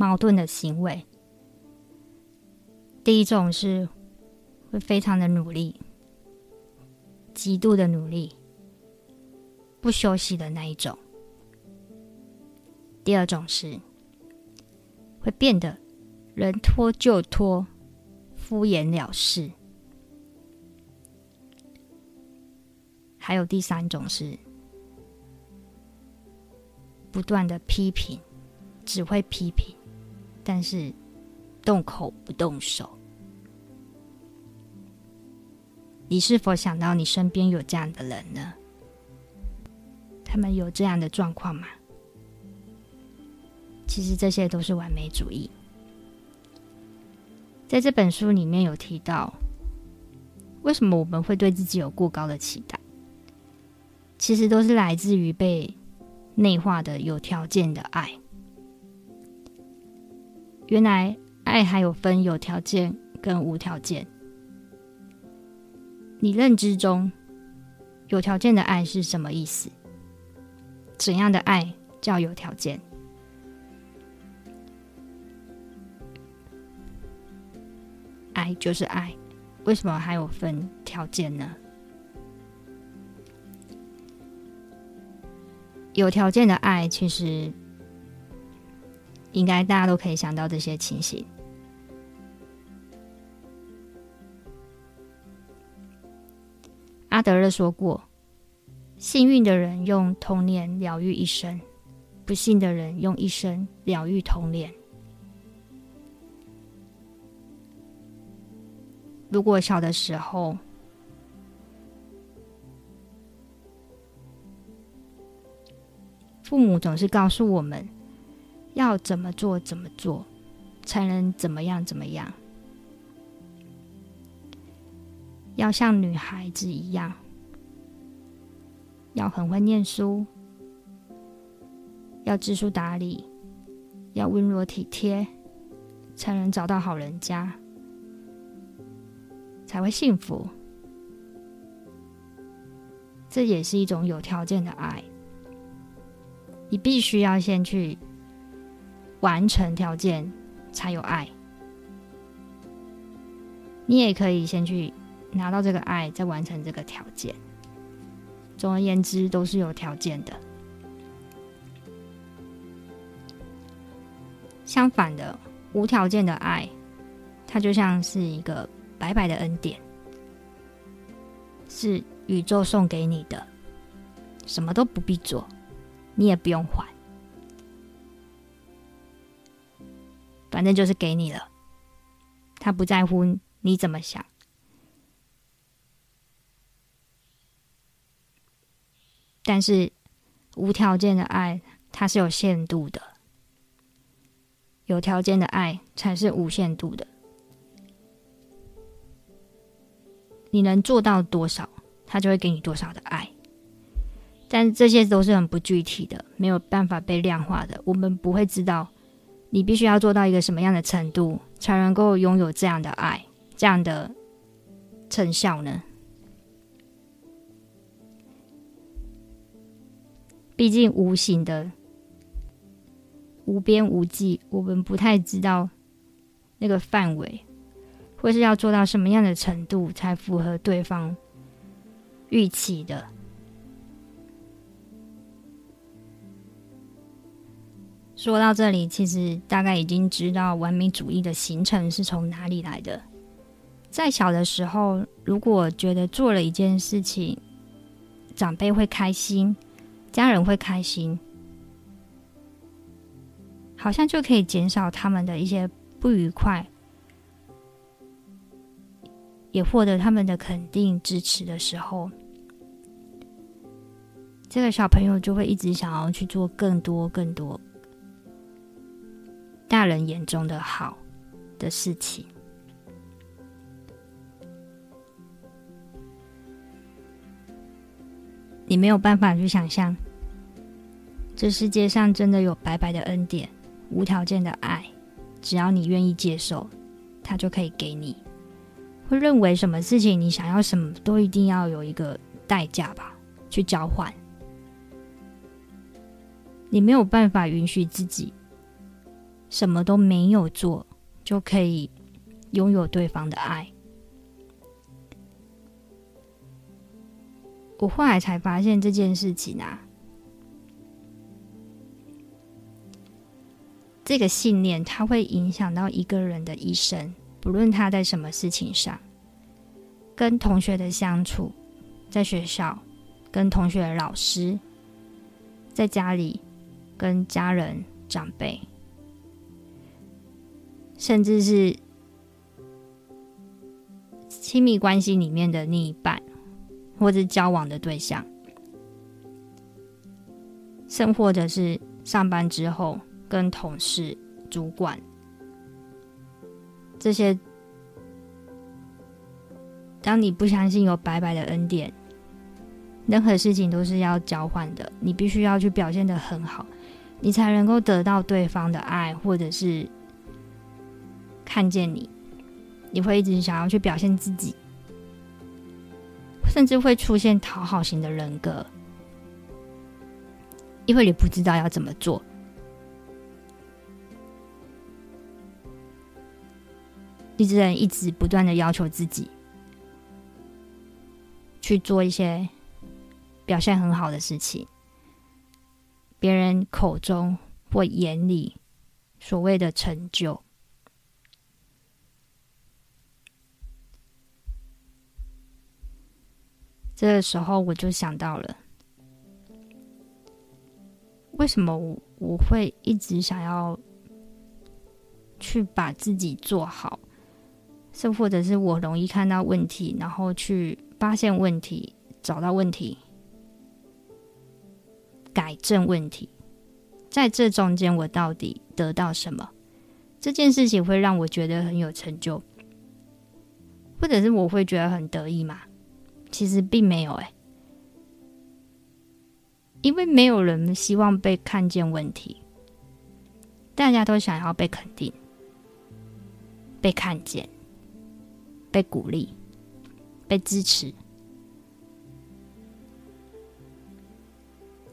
矛盾的行為，第一種是會非常的努力，極度的努力，不休息的那一種；第二種是會變得能拖就拖，敷衍了事；還有第三種是不斷的批評，只會批評。但是，動口不動手。你是否想到你身邊有這樣的人呢？他們有這樣的狀況嗎？其實這些都是完美主義。在這本書裡面有提到，為什麼我們會對自己有過高的期待？其實都是來自於被內化的有條件的愛。原來愛還有分有條件跟無條件。你認知中有條件的愛是什麼意思？怎樣的愛叫有條件？愛就是愛，為什麼還有分條件呢？有條件的愛其實。應該大家都可以想到這些情形。阿德勒說過：“幸運的人用童年療癒一生，不幸的人用一生療癒童年。”如果小的時候，父母總是告訴我們，要怎麼做怎麼做，才能怎麼樣怎麼樣？要像女孩子一樣，要很會念書，要知書達理，要溫柔體貼，才能找到好人家，才會幸福。這也是一種有條件的愛，你必須要先去完成條件才有愛，你也可以先去拿到這個愛，再完成這個條件。總而言之，都是有條件的。相反的，無條件的愛，它就像是一個白白的恩典，是宇宙送給你的，什麼都不必做，你也不用還。反正就是給你了，他不在乎你怎麼想。但是無條件的愛，它是有限度的，有條件的愛才是無限度的。你能做到多少，他就會給你多少的愛。但這些都是很不具體的，沒有辦法被量化的，我們不會知道。你必須要做到一個什麼樣的程度，才能夠擁有這樣的愛、這樣的成效呢？畢竟無形的、無邊無際，我們不太知道那個範圍，會是要做到什麼樣的程度，才符合對方預期的。說到這裡，其實大概已經知道完美主義的形成是從哪裡來的。在小的時候，如果覺得做了一件事情，長輩會開心，家人會開心，好像就可以減少他們的一些不愉快，也獲得他們的肯定支持的時候，這個小朋友就會一直想要去做更多、更多。大人眼中的好的事情，你沒有辦法去想象，這世界上真的有白白的恩典、無條件的愛，只要你願意接受，他就可以給你。會認為什麼事情你想要什麼，都一定要有一個代價吧，去交換。你沒有辦法允許自己。什麼都沒有做，就可以擁有對方的愛。我後來才發現這件事情啊，這個信念它會影響到一個人的一生，不論他在什麼事情上，跟同學的相處，在學校跟同學、老師，在家裡跟家人、長輩。甚至是親密關係裡面的另一半，或者交往的對象，甚或者是上班之後跟同事、主管這些，當你不相信有白白的恩典，任何事情都是要交換的，你必須要去表現得很好，你才能夠得到對方的愛，或者是。看見你，你會一直想要去表現自己，甚至會出現討好型的人格，因為你不知道要怎麼做。你只能一直不斷的要求自己，去做一些表現很好的事情，別人口中或眼裡所謂的成就。這個時候我就想到了，為什麼我我會一直想要去把自己做好？是或者是我容易看到問題，然後去發現問題，找到問題，改正問題，在這中間我到底得到什麼？這件事情會讓我覺得很有成就，或者是我會覺得很得意嗎？其實並沒有哎，因為沒有人希望被看見問題，大家都想要被肯定、被看見、被鼓勵、被支持。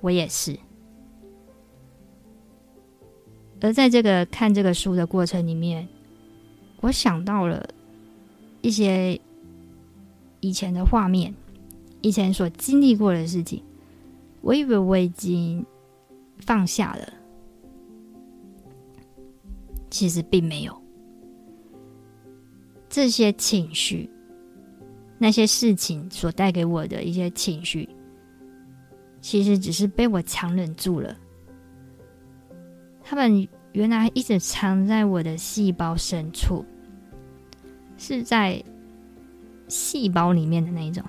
我也是。而在這個看這個書的過程裡面，我想到了一些。以前的畫面，以前所經歷過的事情，我以為我已經放下了，其實並沒有。這些情緒，那些事情所帶給我的一些情緒，其實只是被我強忍住了。他們原來一直藏在我的細胞深處，是在。細胞裡面的那一種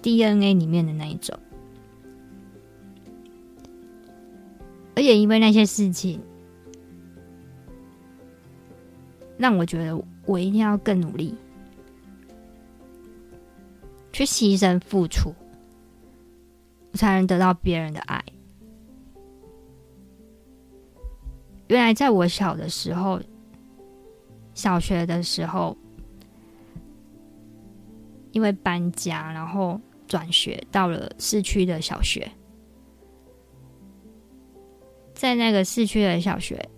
，DNA 裡面的那一種，而且因為那些事情，讓我覺得我一定要更努力，去犧牲付出，才能得到別人的愛。原來在我小的時候，小學的時候。因為搬家，然後轉學到了市區的小學，在那個市區的小學，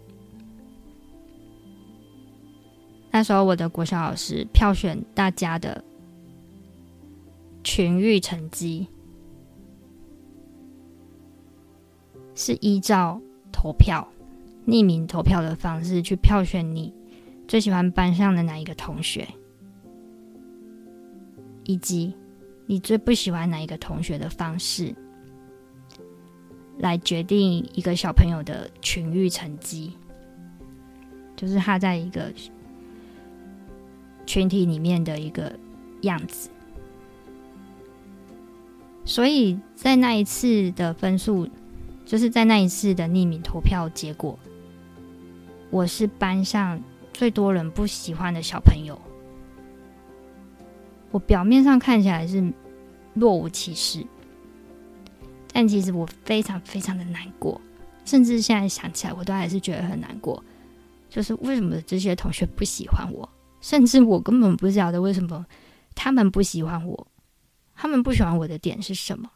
那時候我的國小老師票選大家的群育成績，是依照投票匿名投票的方式去票選你最喜歡班上的哪一個同學。以及你最不喜歡哪一個同學的方式，來決定一個小朋友的群育成績，就是他在一個群體裡面的一個樣子。所以在那一次的分數，就是在那一次的匿名投票結果，我是班上最多人不喜歡的小朋友。我表面上看起來是若無其事，但其實我非常非常的難過，甚至現在想起來，我都還是覺得很難過。就是為什麼這些同學不喜歡我？甚至我根本不曉得為什麼他們不喜歡我，他們不喜歡我的點是什麼？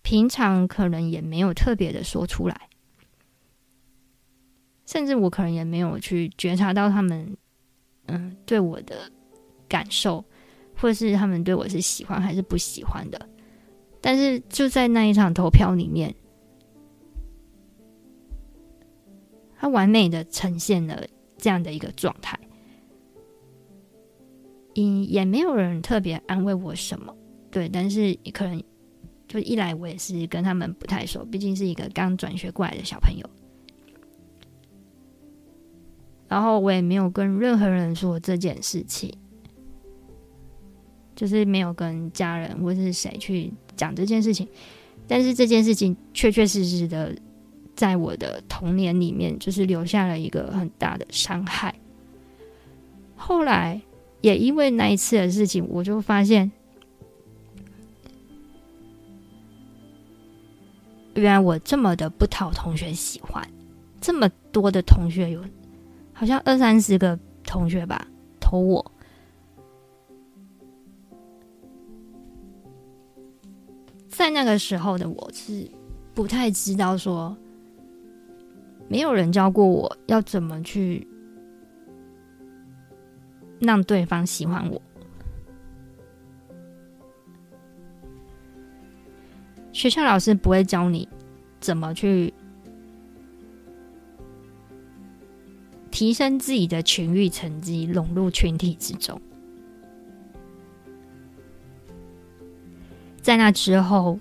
平常可能也沒有特別的說出來，甚至我可能也沒有去覺察到他們，嗯，對我的感受。或是他們對我是喜歡還是不喜歡的，但是就在那一場投票裡面，他完美的呈現了這樣的一個狀態。嗯，也沒有人特別安慰我什麼，對，但是可能就一來我也是跟他們不太熟，畢竟是一個剛轉學過來的小朋友，然後我也沒有跟任何人說這件事情。就是沒有跟家人或者是誰去講這件事情，但是這件事情確確實實的在我的童年裡面，就是留下了一個很大的傷害。後來也因為那一次的事情，我就發現，原來我這麼的不討同學喜歡，這麼多的同學有好像二三十個同學吧，投我。在那個時候的我是不太知道說，說沒有人教過我要怎麼去讓對方喜歡我。學校老師不會教你怎麼去提升自己的群育成績，融入群體之中。在那之後，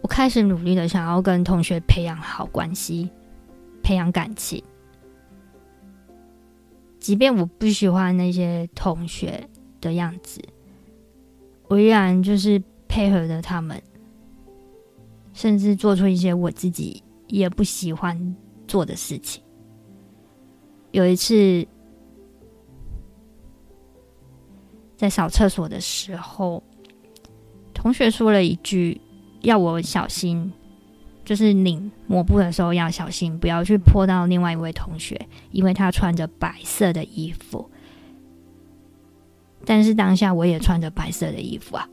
我開始努力的想要跟同學培養好關係，培養感情。即便我不喜歡那些同學的樣子，我依然就是配合着他們，甚至做出一些我自己也不喜歡做的事情。有一次，在掃廁所的時候。同學說了一句：“要我小心，就是擰抹布的時候要小心，不要去潑到另外一位同學，因為他穿着白色的衣服。但是當下我也穿着白色的衣服啊，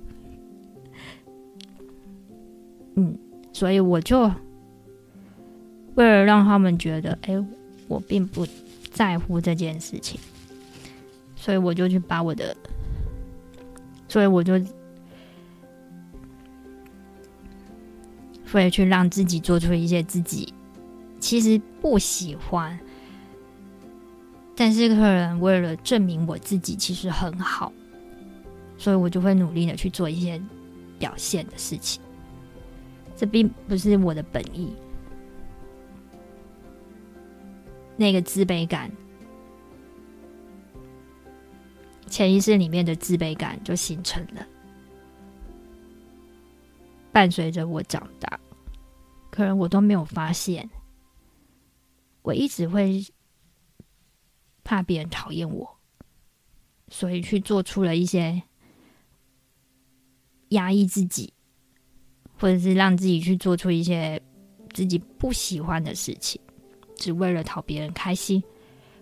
嗯，所以我就為了讓他們覺得，哎，我並不在乎這件事情，所以我就去把我的，所以我就。”會去讓自己做出一些自己其實不喜歡，但是可能為了證明我自己其實很好，所以我就會努力的去做一些表現的事情。這並不是我的本意，那個自卑感，潛意識裡面的自卑感就形成了。伴隨着我長大，可能我都沒有發現，我一直會怕別人討厭我，所以去做出了一些壓抑自己，或者是讓自己去做出一些自己不喜歡的事情，只為了討別人開心，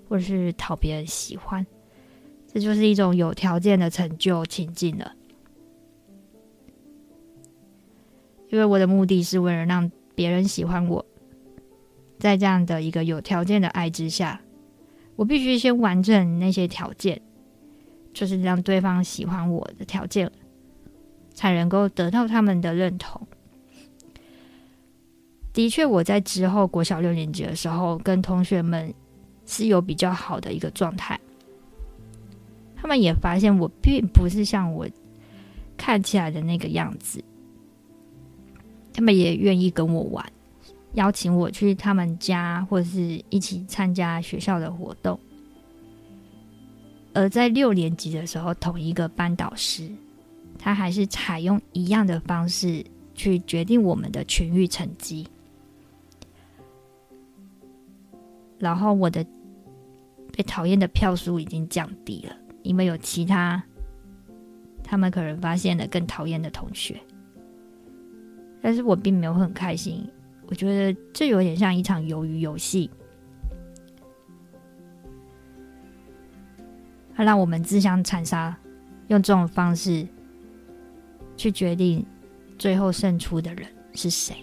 或者是討別人喜歡，這就是一種有條件的成就情境了。因為我的目的是為了讓別人喜歡我，在這樣的一個有條件的愛之下，我必須先完整那些條件，就是讓對方喜歡我的條件，才能夠得到他們的認同。的確，我在之後國小六年級的時候，跟同學們是有比較好的一個狀態，他們也發現我並不是像我看起來的那個樣子。他們也願意跟我玩，邀請我去他們家或者是一起參加學校的活動。而在六年級的時候，同一個班導師，他還是採用一樣的方式去決定我們的群育成績。然後我的被討厭的票數已經降低了，因為有其他他們可能發現了更討厭的同學。但是我並沒有很開心，我覺得這有點像一場魷魚遊戲，它讓我們自相殘殺，用這種方式去決定最後勝出的人是誰。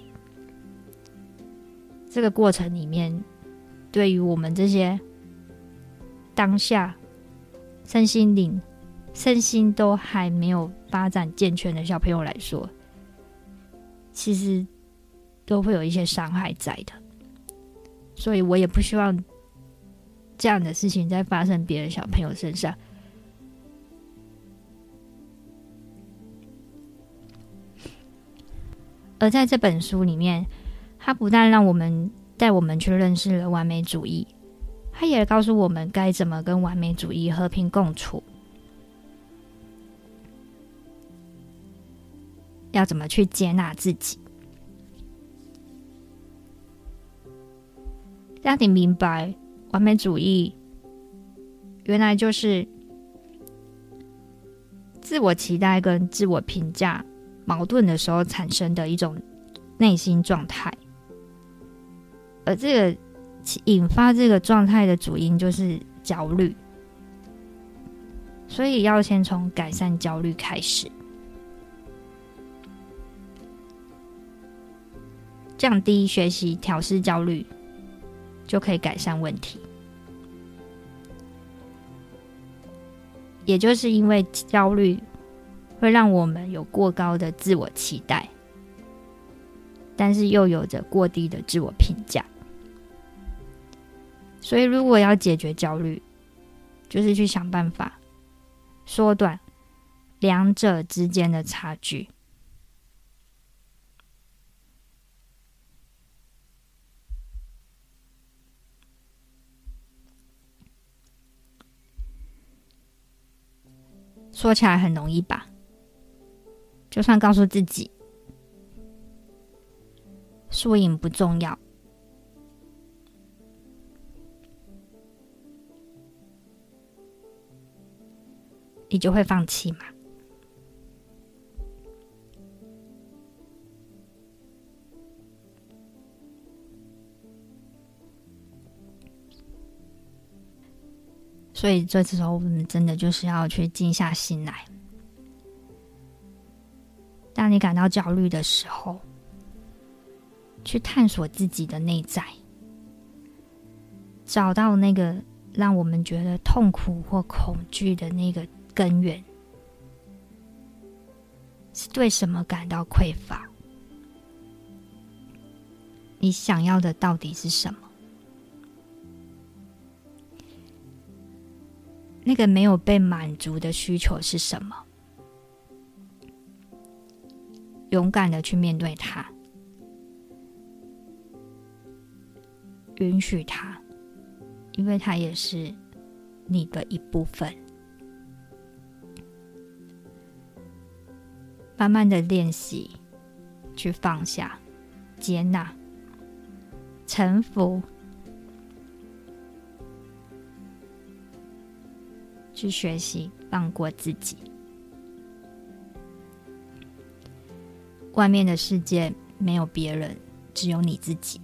這個過程裡面，對於我們這些當下身心靈、身心都還沒有發展健全的小朋友來說，其實都會有一些傷害在的，所以我也不希望這樣的事情再發生別的小朋友身上。嗯、而在這本書裡面，他不但讓我們帶我們去認識了完美主義，他也告訴我們該怎麼跟完美主義和平共處。要怎麼去接納自己？讓你明白，完美主義原來就是自我期待跟自我評價矛盾的時候產生的一種內心狀態。而這個引發這個狀態的主因就是焦慮，所以要先從改善焦慮開始。降低學習調試焦慮，就可以改善問題。也就是因為焦慮會讓我們有過高的自我期待，但是又有着過低的自我評價，所以如果要解決焦慮，就是去想辦法縮短兩者之間的差距。說起來很容易吧，就算告訴自己，輸贏不重要，你就會放棄嘛。所以這時候，我們真的就是要去靜下心來。當你感到焦慮的時候，去探索自己的內在，找到那個讓我們覺得痛苦或恐懼的那個根源，是對什麼感到匱乏？你想要的到底是什麼？那個沒有被滿足的需求是什麼？勇敢的去面對它，允許它，因為它也是你的一部分。慢慢的練習，去放下、接納、臣服。去學習，放過自己。外面的世界沒有別人，只有你自己。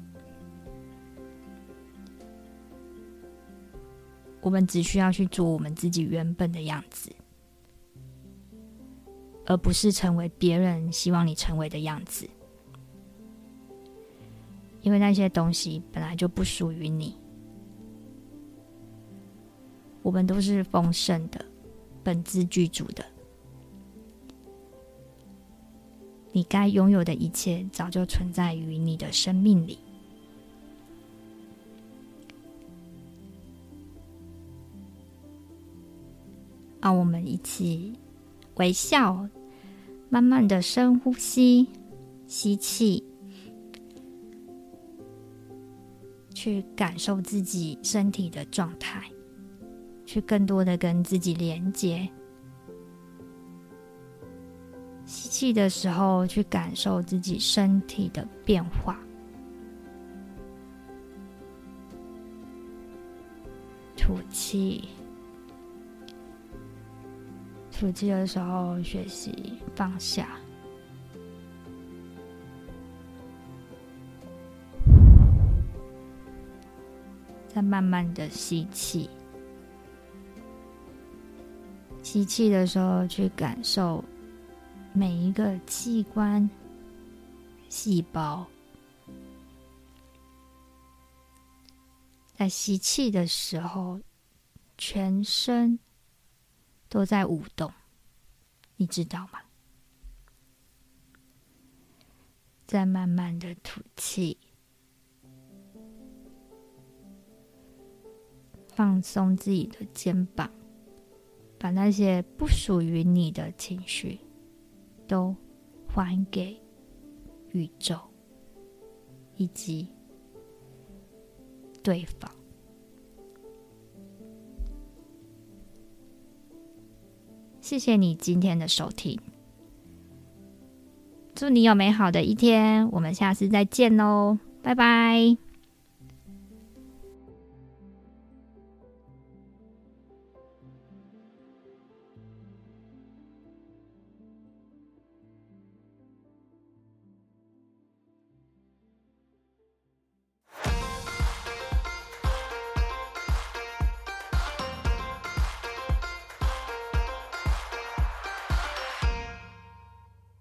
我們只需要去做我們自己原本的樣子，而不是成為別人希望你成為的樣子，因為那些東西本來就不屬於你。我們都是豐盛的，本自具足的。你該擁有的一切早就存在於你的生命裡。讓我們一起微笑，慢慢的深呼吸，吸氣，去感受自己身體的狀態。去更多的跟自己連接，吸氣的時候去感受自己身體的變化，吐氣，吐氣的時候學習放下，再慢慢的吸氣。吸氣的時候，去感受每一個器官、細胞，在吸氣的時候，全身都在舞動，你知道嗎？再慢慢的吐氣，放鬆自己的肩膀。把那些不屬於你的情緒，都還給宇宙以及對方。謝謝你今天的收聽，祝你有美好的一天，我們下次再見嘍，拜拜。